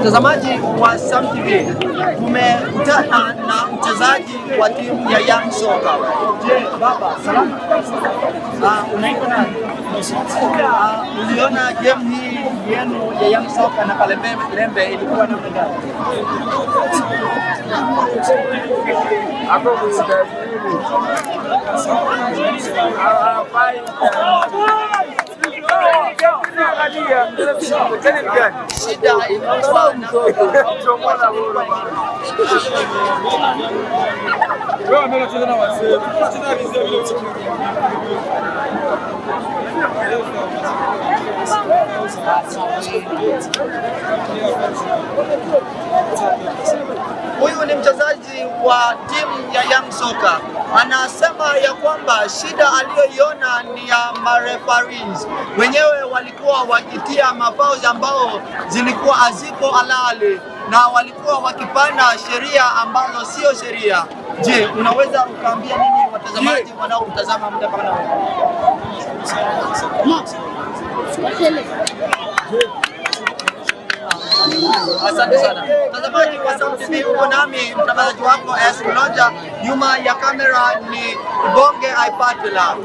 Mtazamaji wa Sam TV, tumekutana na mchezaji wa timu ya Young Soka. Je, baba salama? Uh, unaitwa nani? Uh, uliona game hii yenu ya Young Soka na Kalembe ilikuwa namna gani? عاديه بتكلم جد الشده هاي wa timu ya Young Soka anasema ya kwamba shida aliyoiona ni ya marefaris wenyewe, walikuwa wakitia mafao ambao zilikuwa aziko alale na walikuwa wakipana sheria ambazo sio sheria. Je, unaweza ukaambia nini watazamaji wanaotazama muda kama Asante sana mtazamaji wa Sauti TV, uko nami mtangazaji wako S nyuma ya kamera ni Bonge Ipatela.